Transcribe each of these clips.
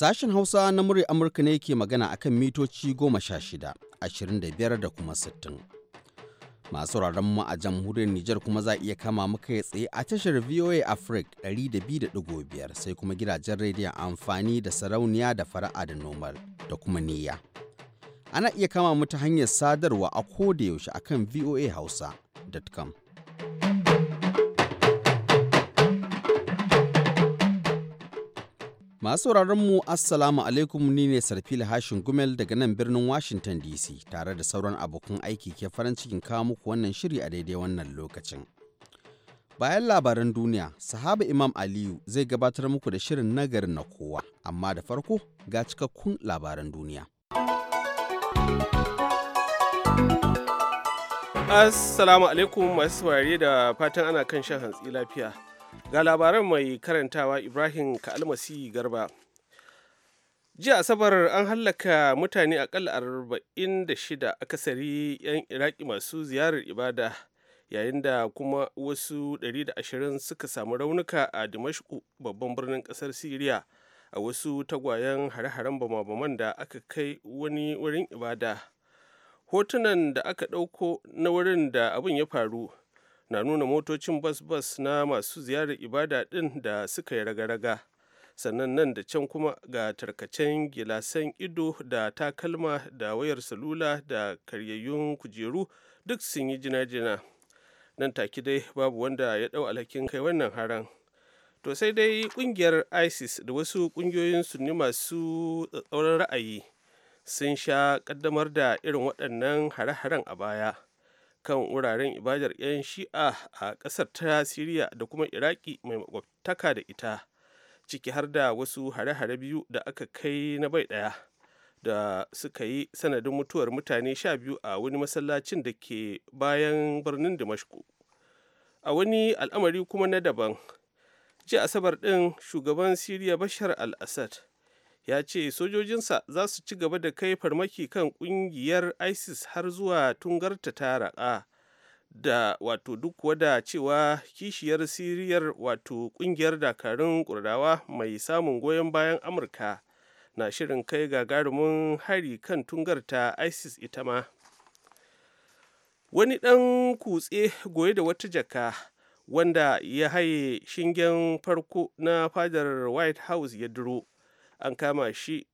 Sashen Hausa na murya Amurka ne ke magana akan mitoci goma sha shida, ashirin da biyar da kuma sittin. Masu mu a jamhuriyar Nijar kuma za iya kama muka tsaye a tashar VOA Africa 200.5 sai kuma gidajen rediyon amfani da sarauniya da fara'a da nomal da kuma niyya. Ana iya kama mu ta hanyar sadarwa a koda yaushe akan hausa.com. Masu mu Assalamu alaikum ni ne sarfi Hashin Gumel daga nan birnin Washington DC tare da sauran abokan aiki ke farin cikin kawo muku wannan shiri a daidai wannan lokacin. Bayan labaran duniya, sahaba Imam Aliyu zai gabatar muku da shirin nagarin na kowa, amma da farko ga cikakkun labaran duniya. Assalamu alaikum masu saurare da fatan ana kan shan hantsi lafiya. Ga labaran mai karantawa Ibrahim ka almasi Garba. Jiya Asabar an hallaka mutane akalla arba'in da shida akasari 'yan Iraki masu ziyarar ibada yayin da kuma wasu 120 suka samu raunuka a Dimashku babban birnin kasar Siriya. a wasu tagwayen hare-haren bama-baman da aka kai wani wurin ibada hotunan da aka ɗauko na wurin da abin ya faru na nuna motocin bas-bas na masu ziyarar ibada ɗin da suka yi raga-raga sannan nan da can kuma ga tarkacen gilasan ido da takalma da wayar salula da karyayyun kujeru duk sun yi jina-jina nan take dai babu wanda ya ɗau alhakin kai wannan haran to sai dai ƙungiyar isis da wasu ƙungiyoyin sunni masu tsatsauran ra'ayi sun sha ƙaddamar da irin waɗannan hare-haren a baya kan wuraren ibadar 'yan shi'a a ƙasar ta siriya da kuma iraki mai makwabtaka da ita ciki har da wasu hare-hare biyu da aka kai na bai ɗaya da suka yi sanadin mutuwar mutane sha biyu a wani masallacin da ke bayan birnin dimashku a wani al'amari kuma na daban ji asabar ɗin shugaban siriya bashar al-assad ya ce sojojinsa za su ci gaba da kai farmaki kan kungiyar isis har zuwa tungarta ta raƙa da wato duk wada cewa kishiyar siriyar wato kungiyar dakarun kurdawa mai samun goyon bayan amurka na shirin kai gagarumin hari kan tungarta isis ita ma wani ɗan kutse goye da wata jaka wanda ya haye shingen farko na fadar white house ya duro an kama shi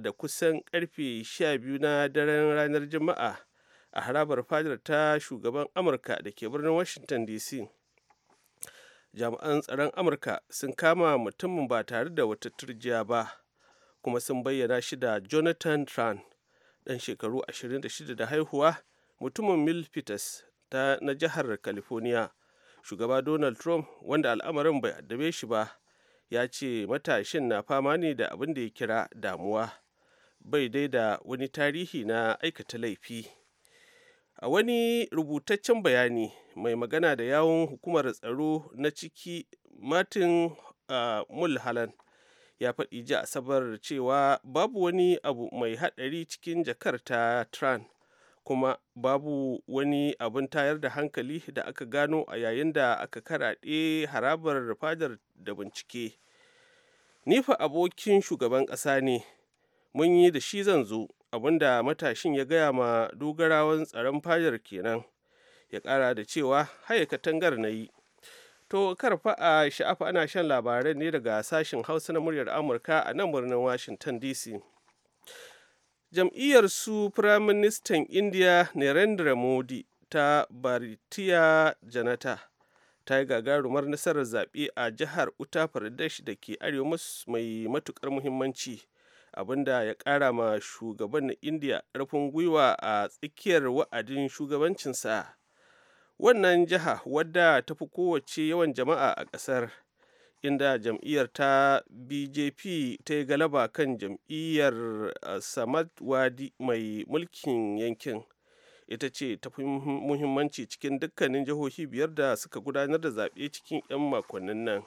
da kusan karfe 12 na daren ranar juma'a a harabar fadar ta shugaban amurka da ke birnin washington dc jami'an tsaron amurka sun kama mutumin ba tare da wata turjiya ba kuma sun bayyana shi da jonathan tran dan shekaru 26 da haihuwa mutumin milpitas ta na jihar california shugaba donald trump wanda al'amarin bai addabe shi ba ya ce matashin na fama ne da abin da ya kira damuwa bai dai da wani tarihi na aikata laifi a wani rubutaccen bayani mai magana da yawon hukumar tsaro na ciki martin uh, mulhalan ya faɗi ji asabar cewa babu wani abu mai haɗari cikin jakarta tran kuma babu wani abin tayar da hankali da aka gano a yayin da aka karaɗe harabar fadar da bincike nifa abokin shugaban ƙasa ne mun yi da shi zan zo da matashin ya gaya ma dogarawan tsaron fadar kenan ya ƙara da cewa haya katangar na yi to karfa a sha'afa ana shan labarai ne daga sashen hausa na muryar amurka a nan birnin washington dc jam'iyyar su firaministan indiya narendra modi ta baritiya janata ta yi gagarumar nasarar zaɓe a jihar uttar pradesh da ke arewa mai matukar muhimmanci abinda ya ƙara ma shugaban na indiya ƙarfin gwiwa a tsakiyar wa'adin shugabancinsa wannan jiha wadda ta fi kowace yawan jama'a a ƙasar inda jam'iyyar ta bjp ta yi galaba kan jam'iyyar eh, samad wadi mai mulkin yankin ita ce ta fi muhimmanci cikin dukkanin jihohi biyar da suka gudanar da zaɓe cikin 'yan makonnin nan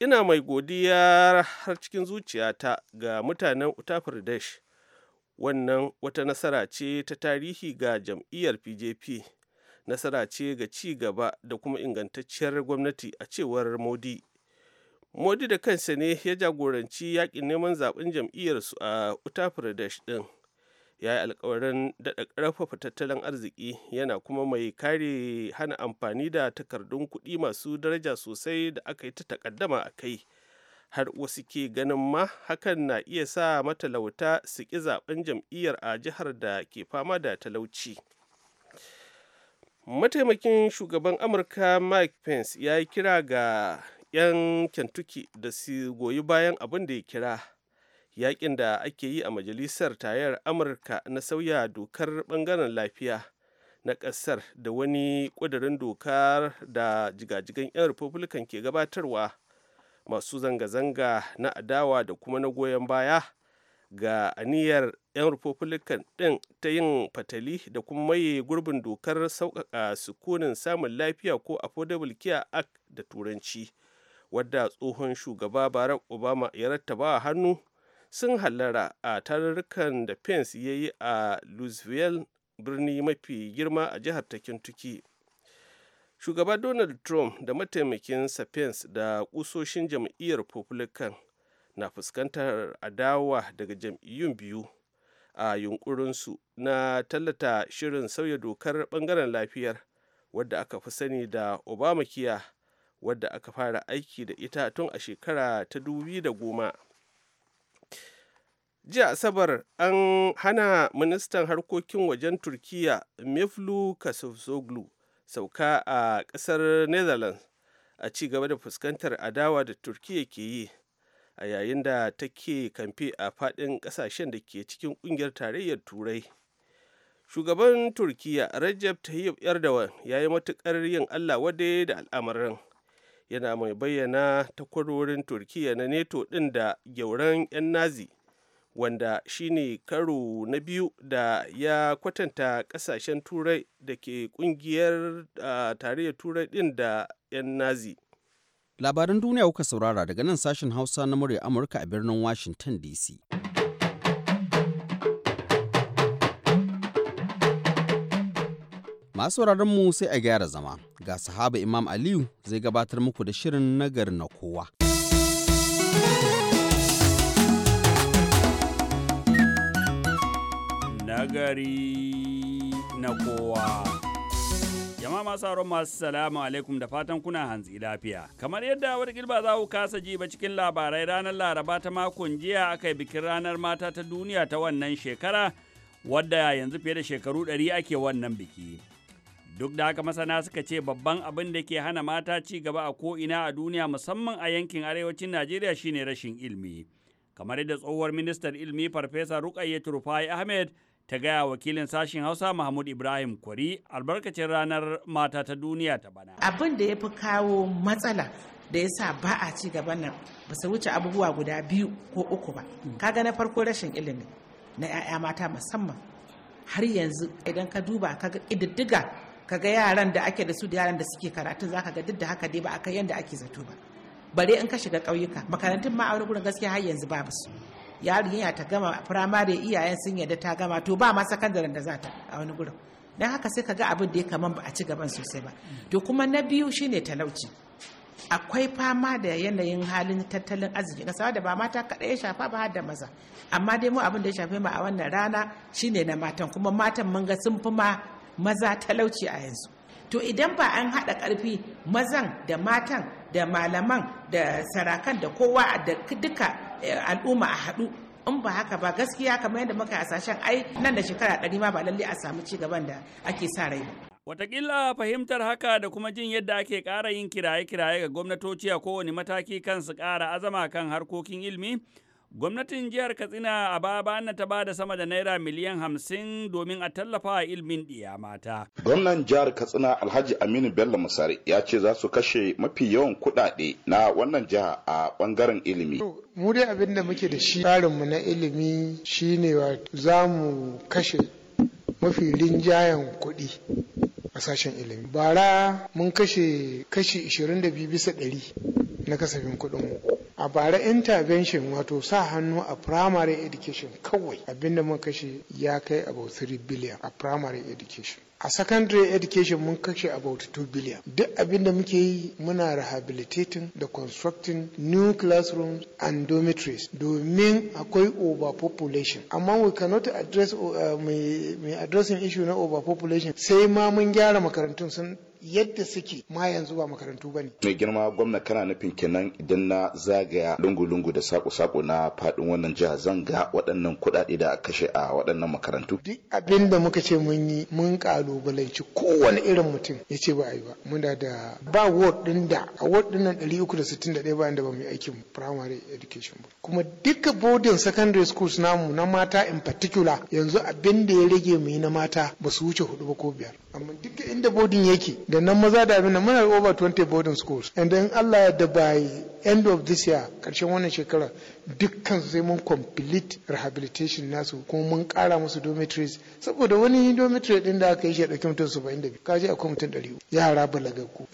ina mai godiya har cikin zuciyata ga mutanen uttar wannan wata nasara ce ta tarihi ga jam'iyyar pjp nasara ce ga ci gaba da kuma ingantacciyar gwamnati a cewar modi modi da kansa ne ya jagoranci yakin neman zaben jam'iyyarsu a uttar pradesh din ya yi alkawarin daɗa ƙarfafa tattalin arziki yana kuma mai kare hana amfani da takardun kuɗi masu daraja sosai da aka yi ta takaddama a kai har wasu ke ganin ma hakan na iya sa matalauta su ƙi zaben jam'iyyar a jihar da ke fama da talauci. mataimakin shugaban amurka mike pence ya yi kira ga 'yan kentucky da su goyi bayan abin da ya kira yakin da ake yi a majalisar tayar amurka na sauya dokar bangaren lafiya na kasar da wani kudurin dokar da jigajigan 'yan republican ke gabatarwa masu zanga-zanga na adawa da kuma na goyon baya ga aniyar 'yan republican ɗin ta yin fatali da kuma maye gurbin dokar sauƙaƙa sukunin samun lafiya ko affordable care act da turanci wadda tsohon shugaba barack obama ya rattaba hannu sun hallara a tarurrukan da pence ya yi a louisville birni mafi girma a jihar ta kentucky shugaba donald trump da mataimakinsa pence da kusoshin jam'iyyar republican na fuskantar adawa daga jam'iyyun biyu a yunkurinsu na tallata shirin sauya dokar bangaren lafiyar wadda aka fi sani da obamakiya wadda aka fara aiki da ita tun a shekara ta da goma. jiya asabar an hana ministan harkokin wajen turkiya meflu kasofsoglu sauka a ƙasar netherlands a ci gaba da fuskantar adawa da turkiya ke yi a yayin da take kamfe a fadin kasashen da ke cikin kungiyar tarayyar turai shugaban turkiya rajab tayyip erdogan ya yi matukar yin allah wade da al'amarin yana mai bayyana takwarorin turkiya na neto ɗin da gyauran 'yan nazi wanda shine karo na biyu da ya kwatanta ƙasashen turai da ke kungiyar tarayyar turai ɗin da 'yan nazi Labaran duniya kuka saurara daga nan sashen Hausa na murya Amurka a birnin Washington DC. Masu mu sai a gyara zama, ga sahaba Imam Aliyu zai gabatar muku da shirin nagar na kowa. Nagari na kowa. Jama'a masu sauran masu salamu alaikum da fatan kuna hantsi lafiya. Kamar yadda wata gilba za ku kasa ji ba cikin labarai ranar Laraba ta makon jiya aka yi bikin ranar mata ta duniya ta wannan shekara wadda yanzu fiye da shekaru ɗari ake wannan biki. Duk da haka masana suka ce babban abin da ke hana mata ci gaba a ko'ina a duniya musamman a yankin arewacin Najeriya shine rashin ilimi. Kamar yadda tsohuwar ministan ilimi Farfesa Rukayya Turfai Ahmed ta gaya wakilin sashen hausa mahmud ibrahim kwari albarkacin ranar mata ta duniya ta bana abin da ya fi kawo matsala da ya sa ba a ci gaba nan ba su wuce abubuwa guda biyu ko uku ba hmm. kaga na farko rashin ilimi na 'ya'ya mata musamman har yanzu idan ka duba ka ƙididdiga ka ga yaran da ake da su da yaran da suke karatu za ka ga duk da haka dai ba a kai yadda ake zato ba bare in ka shiga ƙauyuka makarantun ma aure gaskiya har yanzu babu su yarinya ta gama firamare iyayen sun yarda ta gama to ba ma sakandaren da za ta a wani gurin Dan haka sai ka ga abin da ya kaman ba a ci gaban sosai ba to kuma na biyu shine talauci akwai fama da yanayin halin tattalin arziki kasa da ba mata kaɗai ya shafa ba har da maza amma dai mu abin da ya shafe mu a wannan rana shine na matan kuma matan mun ga sun fi ma maza talauci a yanzu to idan ba an haɗa ƙarfi mazan da matan da malaman da sarakan da kowa da duka al'umma a haɗu in ba haka ba gaskiya kamar yadda muka hasashen ai nan da shekara ɗari ma ba lalle a samu ci gaban da ake sa rai ba. Wataƙila fahimtar haka da kuma jin yadda ake ƙara yin kiraye-kiraye ga gwamnatoci a kowane mataki kan su ƙara azama kan harkokin ilimi Gwamnatin jihar Katsina a baya na ta ba da sama da naira miliyan hamsin domin a tallafa ilimin ɗiya mata. Gwamnan jihar Katsina Alhaji Aminu Bello Musari ya ce za su kashe mafi yawan kuɗaɗe na wannan jiha a ɓangaren ilimi. Mu dai abin da muke da shi tsarinmu na ilimi shine za mu kashe mafi rinjayen kuɗi a sashen ilimi. Bara mun kashe kashi 22 bisa ɗari na kasafin kuɗinmu. a bara intervention wato sa hannu a primary education kawai abinda mun kashe ya kai about 3 billion a primary education a secondary education mun kashe about 2 billion duk abinda muke yi muna rehabilitating da constructing new classrooms and dormitories domin akwai overpopulation amma we cannot address uh, mai addressing issue na overpopulation sai ma mun gyara makarantun sun yadda suke ma yanzu ba makarantu ba ne. Mai girma gwamna kana nufin kenan idan na zagaya lungu-lungu da sako-sako na faɗin wannan jiha ga waɗannan kuɗaɗe da kashe a waɗannan makarantu. Duk abin da muka ce mun yi mun kalubalanci kowane irin mutum ya ce ba a yi ba. Muna da ba ward ɗin da a ward ɗin nan ɗari uku da sittin da ɗaya bayan da ba mu yi aikin primary education ba. Kuma duka boarding secondary schools namu na mata in particular yanzu abin da ya rage mu yi na mata ba su wuce hudu ba ko biyar. Amma duka inda boarding yake da nan maza da abin da muna over 20 boarding schools and then Allah da by end of this year karshen wannan shekara dukkan sai mun complete rehabilitation nasu kuma mun kara musu dormitories saboda wani dormitory din da aka yi shi da mutum 72 kaje a kwamitin 100 yara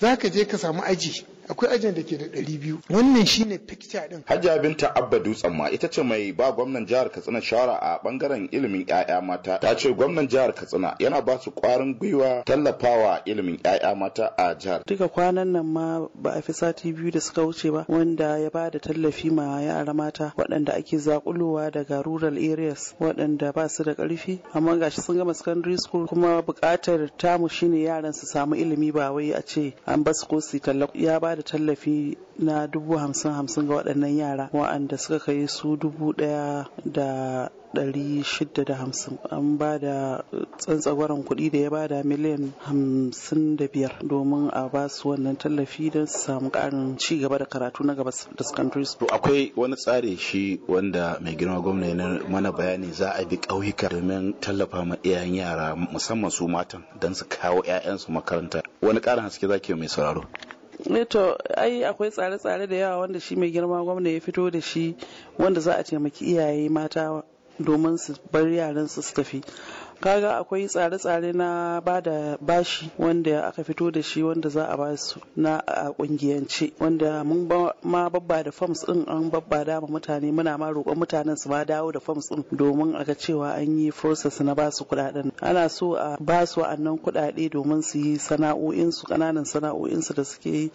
Za ka je ka samu aji akwai ajin da ke da ɗari biyu wannan shine picture din hajiya binta abba dutsen ma ita ce mai ba gwamnan jihar katsina shawara a bangaren ilimin 'ya'ya mata ta ce gwamnan jihar katsina yana ba su ƙwarin gwiwa tallafawa ilimin 'ya'ya mata a jihar duka kwanan nan ma ba a fi sati biyu da suka wuce ba wanda ya ba da tallafi ma yara mata waɗanda ake zakulowa daga rural areas waɗanda ba su da ƙarfi amma gashi sun gama secondary school kuma buƙatar tamu shine yaran su samu ilimi ba wai a ce an basu ko su tallafa ya ba da tallafi na dubu hamsin hamsin ga waɗannan yara wa'anda suka kai su dubu ɗaya da ɗari da hamsin an ba da tsantsagwaron kuɗi da ya ba da miliyan hamsin da biyar domin a ba su wannan tallafi don su samu ƙarin ci gaba da karatu na gaba da secondary school. akwai wani tsari shi wanda mai girma gwamna na mana bayani za a bi ƙauyuka domin tallafa ma iyayen yara musamman su matan don su kawo 'ya'yansu makaranta wani ƙarin haske zaki mai sauraro. Eh, to ai akwai tsare-tsare da yawa wanda shi mai girma gwamna ya fito da shi wanda za a taimaki iyaye mata domin su bar yaran su tafi kaga akwai tsare-tsare na ba da bashi wanda aka fito da shi wanda za a ba su na a kungiyance wanda mun ma babba da forms din an babba da ma mutane muna ma roƙon mutanen su ma dawo da forms din domin a ga cewa an yi process na ba su kuɗaɗen ana so a ba su annan kuɗaɗe domin su yi sana'o'in su ƙananan sana'o'in su da suke yi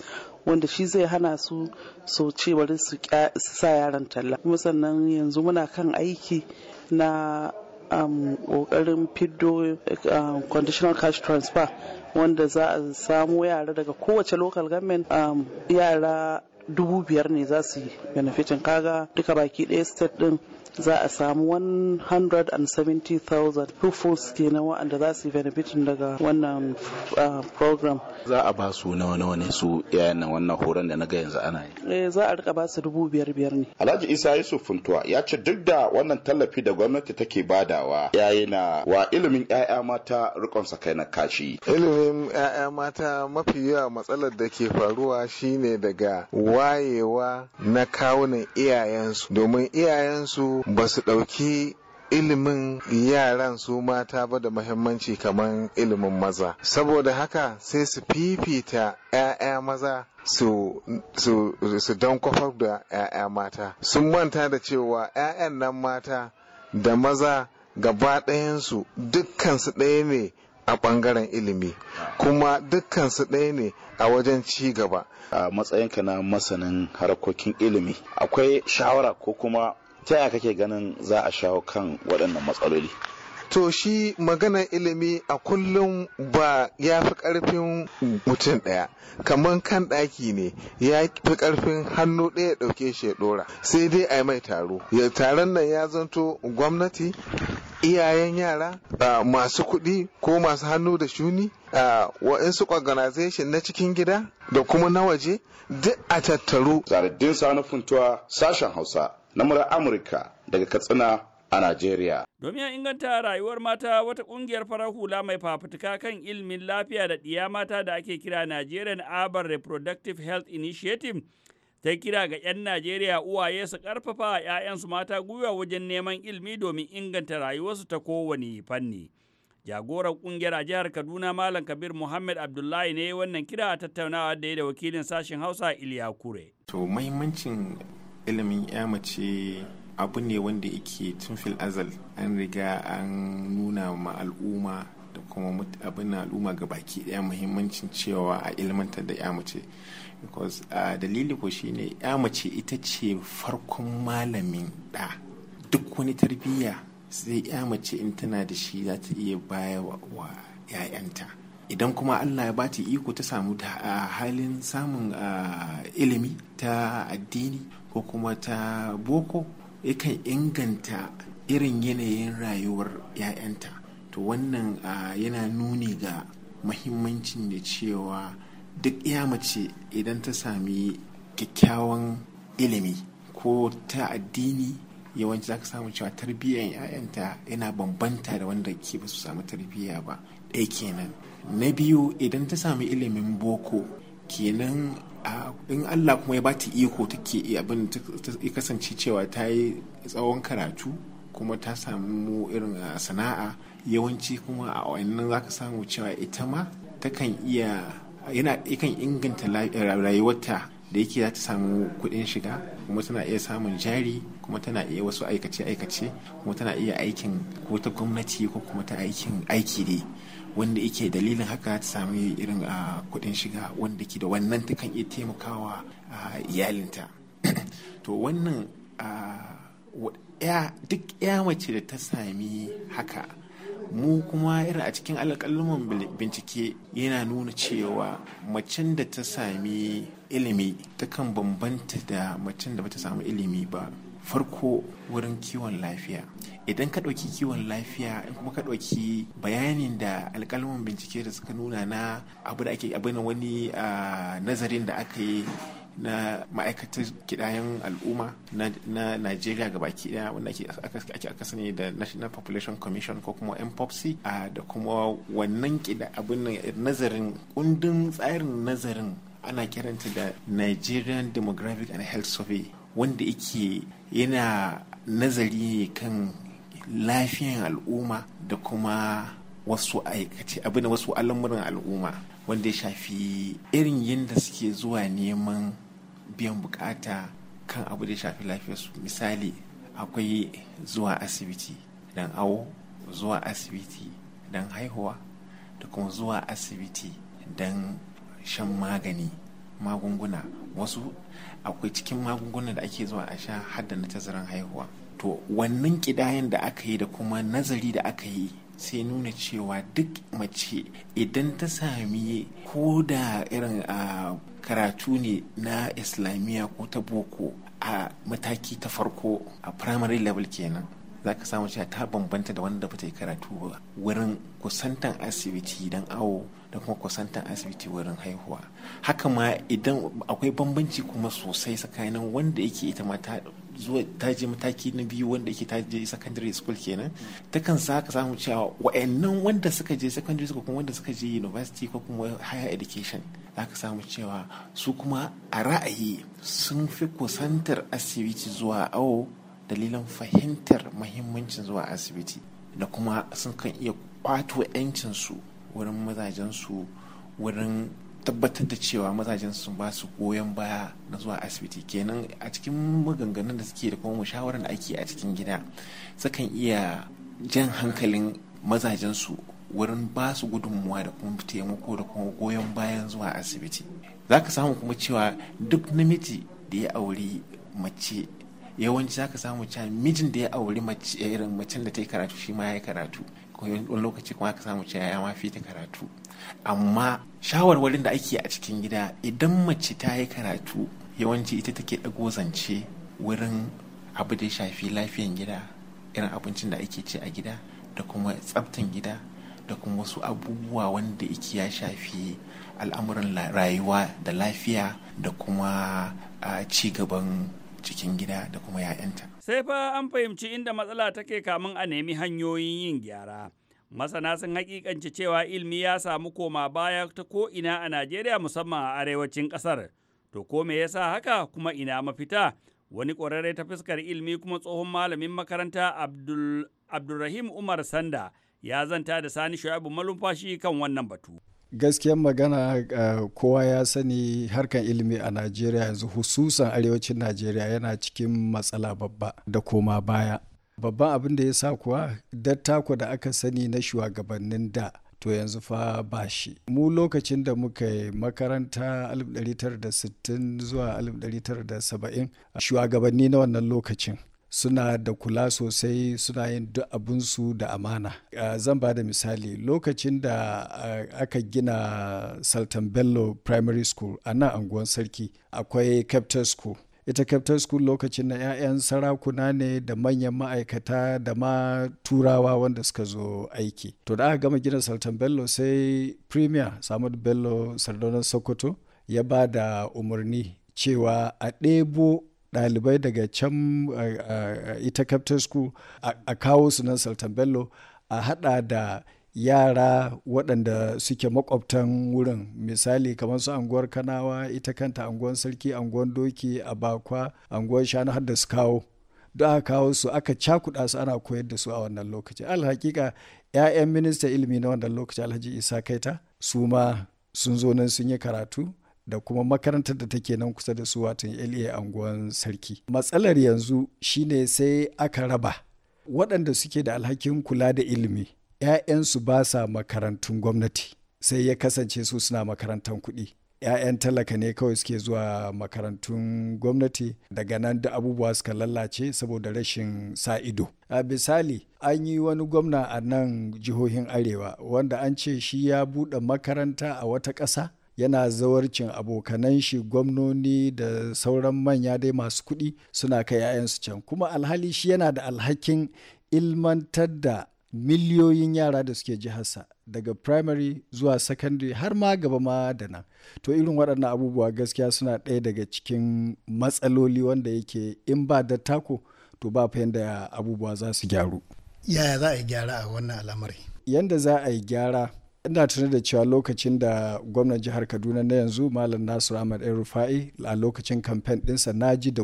wanda shi zai hana su so ce bari su sa yaran talla kuma sannan yanzu muna kan aiki na kokarin um, fiddo um, conditional cash transfer wanda za a samu yara daga kowace local government um, yara dubu biyar ne za su yi benefitin kaga duka baki ɗaya state ɗin za a samu 170,000 pupils kenan waɗanda za su yi benefitin daga wannan ah, program za a ba su nawa nawa ne su iyayen nan wannan horon da na ga yanzu ana yi eh za a rika ba su dubu biyar biyar ne alhaji isa yusuf funtuwa ya ce duk da wannan tallafi da gwamnati take badawa yayi na wa ilimin 'ya'ya mata rikon kai na kashi ilimin 'ya'ya mata mafi yawa matsalar da ke faruwa shine daga wayewa na kawunan iyayensu domin iyayensu ba su ɗauki ilimin yaran su mata ba da mahimmanci kamar ilimin maza saboda haka sai su fifita 'ya'ya maza su don kwafar da 'ya'ya mata sun manta da cewa 'ya'yan nan mata da maza gaba ɗayansu dukkansu ɗaya ne a ɓangaren ilimi kuma dukkansu ɗaya ne a wajen ci gaba a matsayinka na masanin harkokin ilimi akwai shawara ko kuma ta yaya kake ganin za a shawo kan waɗannan matsaloli to shi maganar ilimi a kullum ba ya fi ƙarfin mutum ɗaya kamar kan ɗaki ne ya fi ƙarfin hannu ɗaya ɗauke shi ya ɗora sai dai a yi mai taro ya taron nan ya zanto gwamnati iyayen yara masu kuɗi ko masu hannu da shuni wa'insu organization na cikin gida da kuma na waje duk a tattaru. Zaradin Sani Funtuwa sashen Hausa na murar Amurka daga Katsina a Najeriya. Domin inganta rayuwar mata wata kungiyar farar hula mai fafutuka kan ilimin lafiya da ɗiya mata da ake kira Nigerian Abar Reproductive Health Initiative ta kira ga 'yan Najeriya uwaye su ƙarfafa 'ya'yansu mata gwiwa wajen neman ilimi domin inganta rayuwarsu ta kowane fanni. Jagoran kungiyar a jihar Kaduna Malam Kabir Muhammad Abdullahi ne wannan kira a tattaunawa da ya da wakilin sashen Hausa Iliya Kure. To ilimin ya mace abu ne wanda yake tun fil azal an riga an nuna ma al'umma da kuma abin al'umma ga baki daya muhimmancin cewa a ilmantar da yamace mace because a dalili ko shine ya mace ita ce farkon malamin da duk wani tarbiyya sai ya mace in tana da shi za ta iya baya wa 'ya'yanta idan kuma allah ya bata iko ta samu halin samun ilimi ta addini ko kuma ta boko yakan inganta irin yanayin rayuwar 'ya'yanta to wannan yana nuni ga mahimmancin da cewa duk ya mace idan ta sami kyakkyawan ilimi ko ta addini yawanci za ka samu cewa tarbiyyar 'ya'yanta yana bambanta da wanda ke ba su samu tarbiyya ba ɗaya kenan na biyu idan ta sami ilimin boko kenan in allah kuma ya bata iko take abin ta kasance cewa ta yi tsawon karatu kuma ta samu irin sana'a yawanci kuma a wannan za ka samu cewa ita ma takan iya yana ikan inganta rayuwarta da yake za ta samu kuɗin shiga kuma tana iya samun jari kuma tana iya wasu aikace-aikace kuma tana iya aikin ko ta gwamnati ko kuma ta aikin aiki dai. wanda yake dalilin haka ta sami irin kuɗin shiga wanda ke da wannan ta kan iya taimakawa a iyalinta to wannan duk ya mace da ta sami haka mu kuma irin a cikin alƙaluman bincike yana nuna cewa macen da ta sami ilimi ta kan bambanta da macen da bata samu ilimi ba farko wurin kiwon lafiya idan ka ɗauki kiwon lafiya in kuma ka ɗauki bayanin da alƙalman bincike da suka nuna na abu da ake abin wani nazarin da aka yi na ma'aikatar kidayen al'umma na Najeriya ga baki daya wanda ake aka sani da National Population Commission ko kuma mpopsi da kuma wannan kida abin nazarin kundin tsarin nazarin ana kiranta da Nigerian Demographic and Health Survey wanda yake yana nazari kan lafiyan al'umma da kuma wasu aikace abin wasu al'amuran al'umma wanda ya shafi irin yadda suke zuwa neman biyan bukata kan abu da ya shafi lafiyarsu misali akwai zuwa asibiti don awo zuwa asibiti don haihuwa da kuma zuwa asibiti don shan magani magunguna wasu akwai cikin magungunan da ake zuwa a sha hadda na tazaran haihuwa to wannan kidayen da aka yi da kuma nazari da aka yi sai nuna cewa duk mace idan ta sami ko da irin a karatu ne na islamiyya ko ta boko a mataki ta farko a primary level kenan za ka samu cewa ta bambanta da wanda bata ta yi karatu ba wurin kusantan asibiti don awo da kuma kusantan asibiti wurin haihuwa haka ma idan akwai bambanci kuma sosai tsakanin wanda yake ita ma ta zuwa ta je mataki na biyu wanda yake ta je secondary school kenan ta kan za ka samu cewa wa'annan wanda suka je secondary school kuma wanda suka je university ko kuma higher education za ka samu cewa su kuma a ra'ayi sun fi kusantar asibiti zuwa awo dalilan fahimtar mahimmancin zuwa asibiti da kuma sun kan iya kwato 'yancinsu wurin mazajensu wurin tabbatar da cewa mazajensu sun ba su goyon baya na zuwa asibiti kenan a cikin maganganun da suke da kuma mushawarar da ake a cikin gida sukan iya jan hankalin mazajensu wurin ba su gudunmuwa da kuma taimako da kuma goyon bayan zuwa asibiti za ka samu kuma cewa duk namiji da ya auri mace yawanci zaka samu cewa mijin da ya auri mace eh, irin macen da ta yi karatu shi ma ya yi karatu wani lokaci kuma aka samu cewa ya ma fi karatu amma shawarwarin da ake a cikin gida idan mace ta yi karatu yawanci ita take ɗago zance wurin abu da ya shafi lafiyan gida irin abincin da ake ci a gida da kuma tsaftan gida da kuma wasu abubuwa wanda yake ya shafi al'amuran rayuwa da lafiya da kuma ah, ci gaban cikin gida da kuma 'ya'yanta. Sai fa an fahimci inda matsala take kamun a nemi hanyoyin yin gyara. Masana sun hakikanci cewa ilmi ya samu koma baya ta ko ina a Najeriya musamman a arewacin kasar; To ko me yasa haka kuma ina mafita? Wani ƙwararre ta fuskar ilmi kuma tsohon malamin makaranta Abdul, Abdulrahim Umar Sanda ya zanta da Sani Shu'aibu Malumfashi kan wannan batu. gaskiyar magana eh, kowa ya sani harkan ilimi a najeriya yanzu hususan arewacin najeriya yana cikin matsala babba da koma baya babban abin da ya sa kuwa dattako da aka sani na shugabannin da to yanzu fa ba shi mu lokacin da muka yi makaranta 1960 zuwa 1970 shugabanni na wannan lokacin suna da kula sosai suna yin duk abinsu da amana zan ba da misali lokacin da aka gina sultan bello primary school a nan anguwan sarki akwai captain school ita captain school lokacin na 'ya'yan sarakuna ne da manyan ma'aikata da ma turawa wanda suka zo aiki to da aka gama gina sultan bello sai premier samud bello sardaunar sokoto ya ba da umarni cewa a ɗebo dalibai daga can ita capital school a kawo su nan sultan bello a haɗa da yara waɗanda suke makwabtan wurin misali kamar su anguwar kanawa ita kanta anguwar sarki anguwar doki a bakwa anguwar shanu har da su kawo don aka kawo su aka cakuɗa su ana koyar da su a wannan lokaci alhaƙiƙa 'ya'yan minista ilimi na wannan lokaci alhaji isa kaita su ma sun zo nan sun yi karatu da kuma makarantar da take nan kusa da su watan LA anguwan sarki. Matsalar yanzu shine sai aka raba waɗanda suke da alhakin kula da ilimi 'ya'yansu ba sa makarantun gwamnati sai ya kasance su suna makarantar kuɗi. 'ya'yan talaka ne kawai suke zuwa makarantun gwamnati daga nan da abubuwa suka lalace saboda rashin sa ido a misali an yi wani gwamna a nan jihohin arewa wanda an ce shi ya buɗe makaranta a wata ƙasa yana zawarcin abokanan shi gwamnoni da sauran manya dai masu kuɗi suna kai 'ya'yansu can kuma alhali shi yana da alhakin ilmantar da miliyoyin yara da suke jiharsa daga primary zuwa secondary har ma gaba ma da nan to irin waɗannan abubuwa gaskiya suna ɗaya daga cikin matsaloli wanda yake in ba da tako to ba fa yadda abubuwa za su gyaru yaya za a yi gyara a wannan al'amari yadda za a yi gyara ina tuni da cewa lokacin da gwamnan jihar kaduna na yanzu malam nasiru ahmad ɗan rufa'i a lokacin kamfen ɗinsa na ji da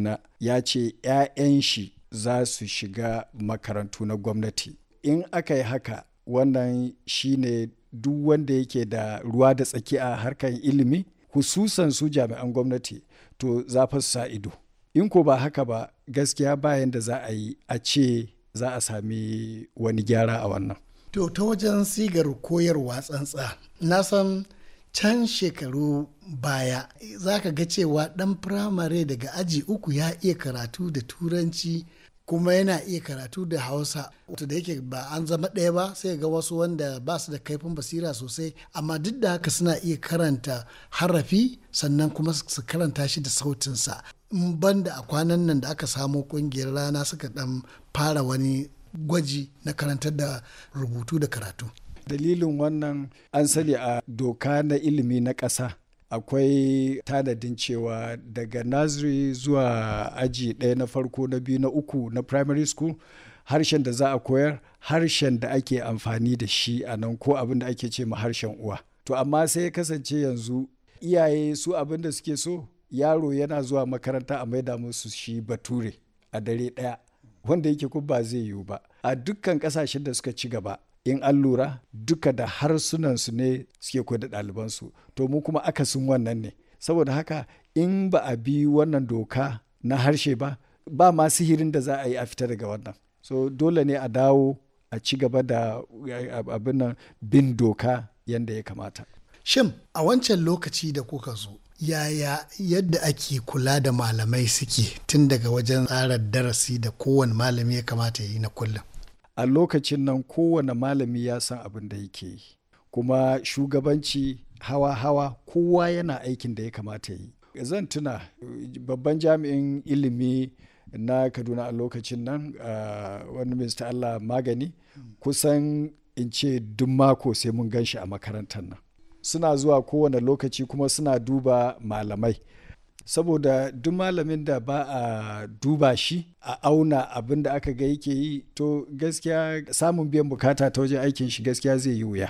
na. ya ce 'ya'yan shi za su shiga makarantu na gwamnati in aka yi haka wannan shine duk wanda yake da ruwa da tsaki a harkar ilimi hususan su jami'an gwamnati to za fa su sa ido in ko ba haka ba gaskiya bayan da za a yi a ce za a sami wani gyara a wannan to ta wajen sigar koyarwa tsantsa na san can shekaru baya za ka ga cewa ɗan firamare daga aji uku ya iya karatu da turanci kuma yana iya karatu da hausa wato da yake ba an zama ɗaya ba sai ga wasu wanda ba su da kaifin basira sosai amma duk da haka suna iya karanta harafi sannan kuma su karanta shi da sautinsa in banda a kwanan nan da aka samo kungiyar rana suka ɗan fara wani gwaji na karantar da rubutu da karatu dalilin wannan an sani a doka na ilimi na ƙasa akwai tanadin cewa daga naziri zuwa aji ɗaya na farko na biyu na uku na primary school harshen da za a koyar harshen da ake amfani da shi a nan ko abin da ake ce ma harshen uwa to amma sai ya kasance yanzu iyaye su abin da suke so yaro yana zuwa makaranta a maida musu shi bature a dare ɗaya wanda yake ko ba zai yiwu ba a dukkan kasashen da suka ci gaba in an lura duka da harsunansu ne suke koyar da ɗalibansu to mu kuma akasin wannan ne saboda haka in ba a bi wannan doka na harshe ba ba ma sihirin da za a yi a fita daga wannan so dole ne a dawo a ci gaba da abin nan bin doka yadda ya kamata shin a wancan lokaci da kuka zo yaya yadda ake kula da malamai suke tun daga wajen tsara darasi da kowane malami ya kamata ya yi na kullum a lokacin nan kowane malami ya san abin da yake yi kuma shugabanci hawa-hawa kowa yana aikin da ya kamata yi zan tuna eh, babban jami'in ilimi na kaduna a lokacin nan ah, wani minista allah magani hmm. kusan in ce duk mako sai mun gan shi a makarantar nan suna zuwa kowane lokaci kuma suna duba malamai saboda duk malamin da ba a duba shi a auna abin da aka ga yake yi to gaskiya samun biyan bukata ta wajen aikin shi gaskiya zai yi wuya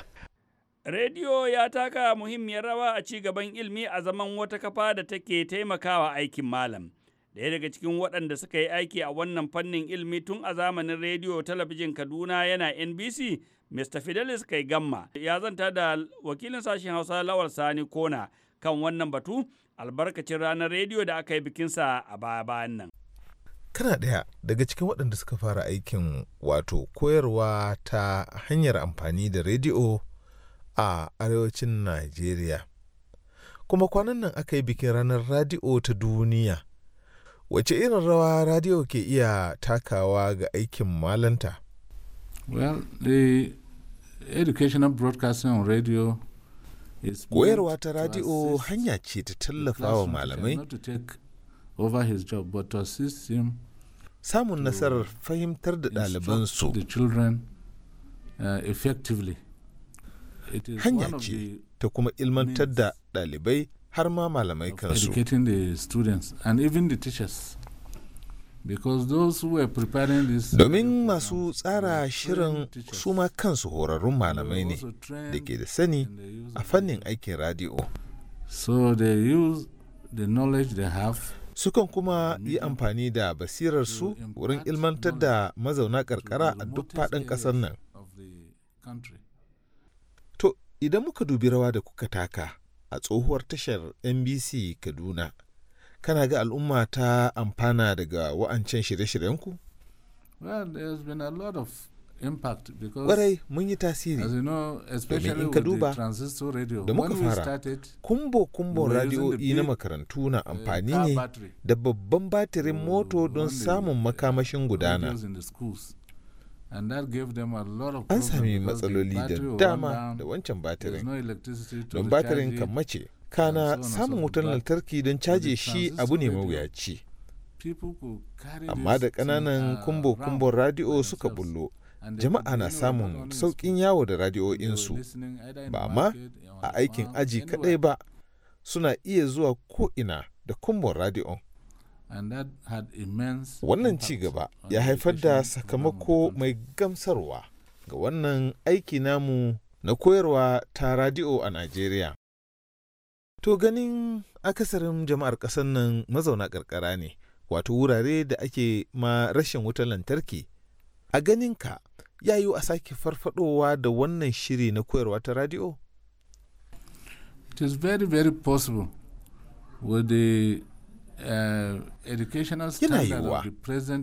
Rediyo ya taka muhimmiyar rawa a ci gaban ilmi a zaman wata kafa da take taimakawa aikin malam. Daya daga cikin waɗanda suka yi aiki a wannan fannin ilmi tun a zamanin rediyo talabijin Kaduna yana NBC Mr. Fidelis Kai Gamma ya zanta da wakilin sashen Hausa Lawal Sani Kona kan wannan batu albarkacin ranar rediyo da aka yi bikinsa a baya-bayan nan. Kana ɗaya daga cikin waɗanda suka fara aikin wato koyarwa ta hanyar amfani da rediyo a arewacin Najeriya. Kuma kwanan nan aka yi bikin ranar radiyo ta duniya. Wace irin rawa radiyo ke iya takawa ga aikin malanta? Well, the educational broadcasting on radio Koyarwa ta radio hanya ce ta tallafa wa malamai. over his job but to assist him samun nasarar fahimtar da ɗalibansu the children uh, effectively hanya ce ta kuma ilmantar da ɗalibai har ma malamai kansu educating the students and even the teachers Uh, domin masu uh, tsara uh, shirin su ma kansu horarrun malamai ne da ke da sani a fannin aikin radio sukan kuma yi amfani da basirarsu wurin ilmantar da mazauna karkara a duk faɗin ƙasar nan to idan muka dubi rawa da kuka taka a tsohuwar tashar nbc kaduna kana ga al'umma ta amfana daga wa'ancan shirye-shiryenku? well kwarai mun yi tasiri domin in ka duba da muka fara kumbo kumbon radio na makarantu na uh, amfani ne da babban batirin moto don samun makamashin gudana an sami matsaloli da dama da wancan batirin don batirin kan mace kana samun wutar lantarki don caje shi abu ne mawuyaci amma da ƙananan kumbo-kumbon radio suka bullo jama'a na samun sauƙin yawo da radio'insu ba ma a aikin aji kaɗai ba suna iya zuwa ko'ina da kumbon radio wannan cigaba ya haifar da sakamako mai gamsarwa ga wannan aiki namu na koyarwa ta radio a najeriya To ganin akasarin jama'ar ƙasar nan mazauna ƙarƙara ne, wato wurare da ake ma rashin wutar lantarki. A ganin ka ya yi a sake farfadowa da wannan shiri na koyarwa ta radio? It is very very possible with the Uh, educational yana yiwuwa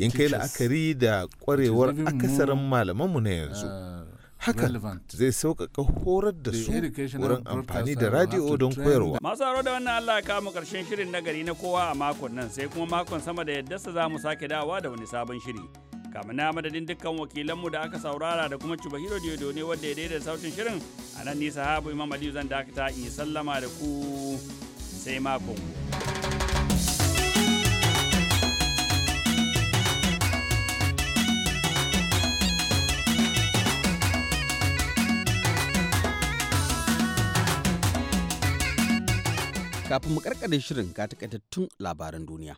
in kai la'akari da ƙwarewar akasarin malamanmu na yanzu eh, hakan zai sauƙaƙa horar da su wurin amfani da radio don koyarwa. Masu aro da wannan Allah ya mu ƙarshen shirin nagari na kowa a makon nan sai kuma makon sama da yadda sa za mu sake dawa da wani sabon shiri. Kamin na madadin dukkan wakilanmu da aka saurara da kuma cuba Hiro Diodo ne wanda ya daidai sautin shirin a nan nisa habu Imam Aliyu zan dakata in sallama da ku sai makon. kafin mu karkare shirin ga takaitattun labaran duniya.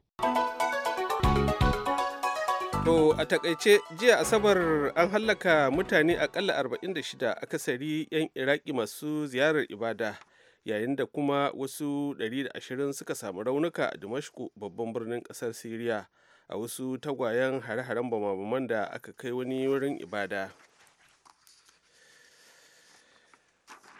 To a takaice jiya asabar an hallaka mutane akalla 46 akasari 'yan iraki masu ziyarar ibada yayin da kuma wasu 120 suka samu raunuka a Damascus babban birnin kasar Siriya a wasu tagwayen hare-haren bama da aka kai wani wurin ibada.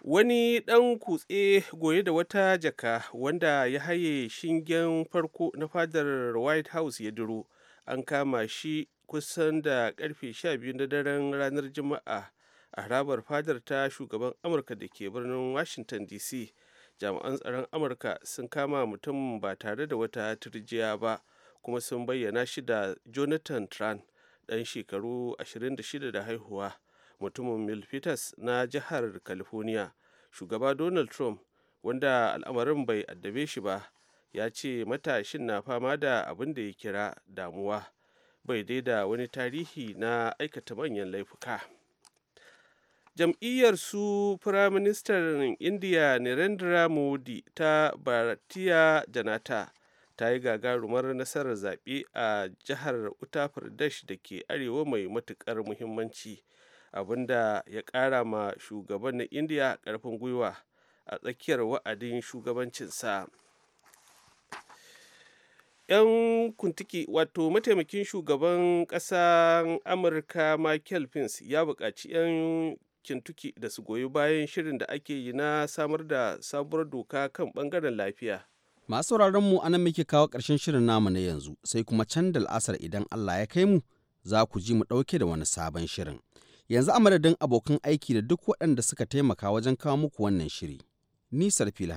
wani ɗan kutse goye da wata jaka wanda ya haye shingen farko na fadar white house ya duro an kama shi kusan da karfe 12 na daren ranar juma'a a harabar fadar ta shugaban amurka da ke birnin washington dc jami'an tsaron amurka sun kama mutum ba tare da wata turjiya ba kuma sun bayyana shi da jonathan tran ɗan shekaru 26 da haihuwa mutumin milpitas na jihar california shugaba donald trump wanda al'amarin bai addabe shi ba ya ce matashin na fama da abin da ya kira damuwa bai dai da wani tarihi na aikata manyan laifuka jam'iyyar su firaministan indiya narendra modi ta bharatiya janata ta yi gagarumar nasarar zaɓe a jihar uttar pradesh da ke arewa mai matuƙar muhimmanci da ya kara ma shugaban na indiya karfin gwiwa a tsakiyar wa'adin shugabancinsa yan kuntiki wato mataimakin shugaban ƙasar amurka michael pence ya bukaci 'yan kintuki da su goyi bayan shirin da ake yi na samar da sabuwar doka kan ɓangaren lafiya masu mu anan muke kawo karshen shirin namu na yanzu sai kuma can da la'asar idan allah ya kai mu za ku ji mu ɗauke da wani sabon shirin Yanzu a madadin abokan aiki da duk waɗanda suka taimaka wajen kawo muku wannan shiri, ni Sarfila